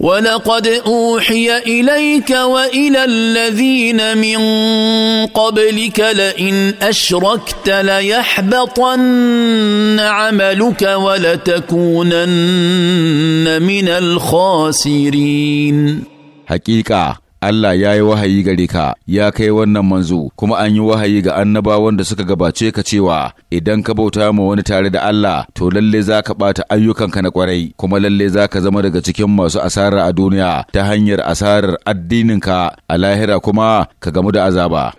ولقد اوحي اليك والى الذين من قبلك لئن اشركت ليحبطن عملك ولتكونن من الخاسرين حقيقه Allah ya yi wahayi gare ka ya kai wannan manzo kuma an yi wahayi ga annabawan da suka gabace ka cewa idan ka bauta ma wani tare da Allah to lalle za ka ɓata ayyukanka na kwarai kuma lalle za ka zama daga cikin masu asara a duniya ta hanyar asarar addininka a lahira kuma ka gamu da azaba.